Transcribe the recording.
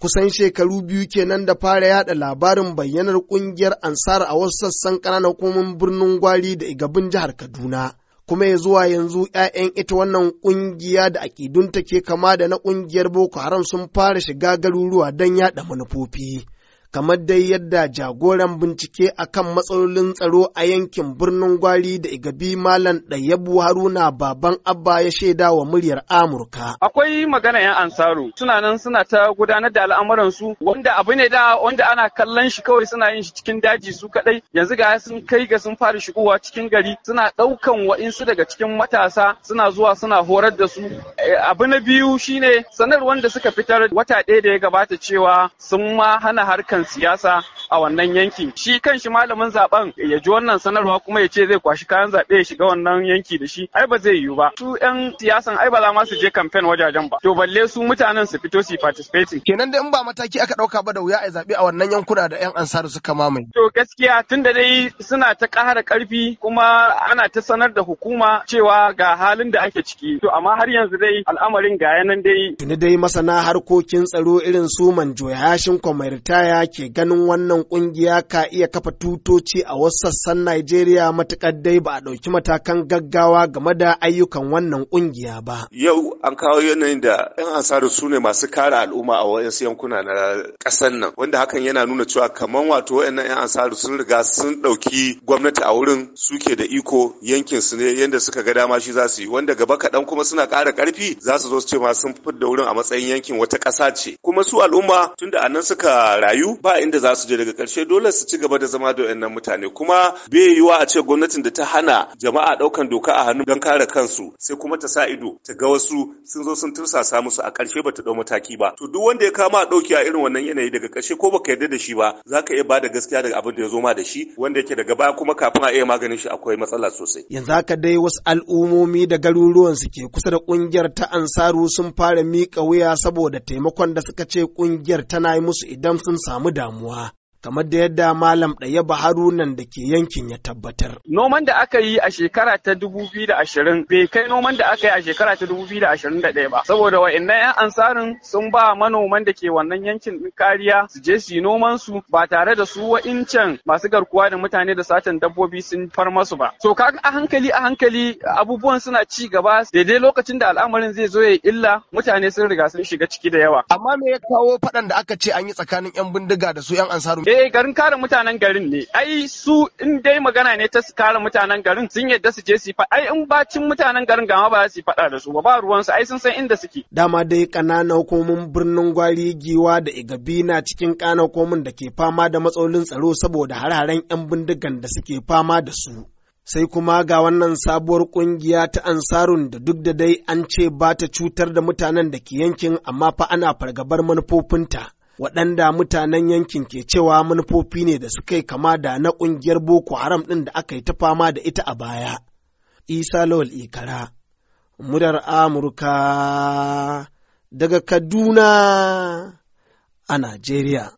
kusan shekaru biyu kenan da fara yada labarin bayyanar kungiyar ansar a wasu sassan ƙananan hukumomin birnin gwari da igabin jihar kaduna kuma ya zuwa yanzu 'ya'yan ita wannan kungiya da aƙidunta ke kama da na kungiyar boko haram sun fara shiga garuruwa don yada manufofi kamar dai yadda jagoran bincike a kan matsalolin tsaro a yankin birnin gwari da igabi malam ɗayyabu haruna baban abba ya shaida wa muryar amurka akwai magana yan ansaru suna nan suna ta gudanar da al'amuran su wanda abu ne da wanda ana kallon shi kawai suna yin shi cikin daji su kadai yanzu ga sun kai ga sun fara shigowa cikin gari suna ɗaukan wa'insu daga cikin matasa suna zuwa suna horar da su abu na biyu shine sanarwar da suka fitar wata ɗaya da ya gabata cewa sun ma hana harkan siyasa a wannan yanki shi kan shi malamin zaben ya ji wannan sanarwa kuma ya ce zai kwashi kayan zaɓe ya shiga wannan yanki da shi ai ba zai yiwu ba su yan siyasan ai ba za ma su je kamfen wajajen ba to balle su mutanen su fito su participating kenan da in ba mataki aka ɗauka ba da wuya a zaɓe a wannan yankuna da yan ansaru suka mamaye to gaskiya tun da dai suna ta ƙara ƙarfi kuma ana ta sanar da hukuma cewa ga halin da ake ciki to amma har yanzu dai al'amarin ga yanan dai tuni dai masana harkokin tsaro irin su manjo yashin kwamaritaya ke ganin wannan wannan kungiya ka iya kafa tutoci a wasu sassan Najeriya matuƙar dai ba a ɗauki matakan gaggawa game da ayyukan wannan kungiya ba. Yau an kawo yanayin da 'yan ansaru su ne masu kare al'umma a wasu yankuna na ƙasar nan wanda hakan yana nuna cewa kamar wato wayannan 'yan ansaru sun riga sun ɗauki gwamnati a wurin suke da iko yankin su ne yadda suka ga dama shi za su yi wanda gaba kaɗan kuma suna ƙara ƙarfi za su zo su ce ma sun fitar da wurin a matsayin yankin wata ƙasa ce kuma su al'umma tunda a nan suka rayu ba inda za su je da. daga ƙarshe dole su ci gaba da zama da wayannan mutane kuma bai yiwuwa a ce gwamnatin da ta hana jama'a ɗaukan doka a hannu don kare kansu sai kuma ta sa ido ta ga wasu sun zo sun tursasa musu a ƙarshe bata ɗau mataki ba to duk wanda ya kama a ɗauki a irin wannan yanayi daga ƙarshe ko baka yarda da shi ba za ka iya ba da gaskiya daga abin da ya zo ma da shi wanda yake daga baya kuma kafin a iya maganin shi akwai matsala sosai yanzu haka dai wasu al'ummomi da garuruwan su ke kusa da ƙungiyar ta ansaru sun fara mika wuya saboda taimakon da suka ce ƙungiyar tana yi musu idan sun samu damuwa kamar da yadda Malam ɗaya, ba Harunan da ke yankin ya tabbatar. Noman da aka yi a shekara ta ashirin bai kai noman da aka yi a shekara ta ɗaya ba, saboda wa'annan 'yan ansarin sun ba manoman da ke wannan yankin kariya su je su yi noman su ba tare da su wa'incan masu garkuwa da mutane da satan dabbobi sun far masu ba. So kaga a hankali a hankali abubuwan suna ci gaba daidai lokacin da al'amarin zai zo ya yi illa mutane sun riga sun shiga ciki da yawa. Amma me ya kawo faɗan da aka ce an yi tsakanin 'yan bindiga da su 'yan ansarin? eh garin kare mutanen garin ne ai su in dai magana ne ta kare mutanen garin sun yadda su je su fa ai in bacin mutanen garin ga ma ba su faɗa da su ba ba ruwan su ai sun san inda suke dama dai kananan hukumomin birnin gwari giwa da igabi na cikin kana komin da ke fama da matsalolin tsaro saboda hararen yan bindigan da suke fama da su sai kuma ga wannan sabuwar kungiya ta ansarun da duk da dai an ce ba ta cutar da mutanen da ke yankin amma fa ana fargabar manufofinta waɗanda mutanen yankin ke cewa manufofi ne da suka yi kama da na ƙungiyar Boko Haram ɗin da aka yi ta fama da ita a baya. Isa Lawal Ikara, murar Amurka daga Kaduna a Najeriya.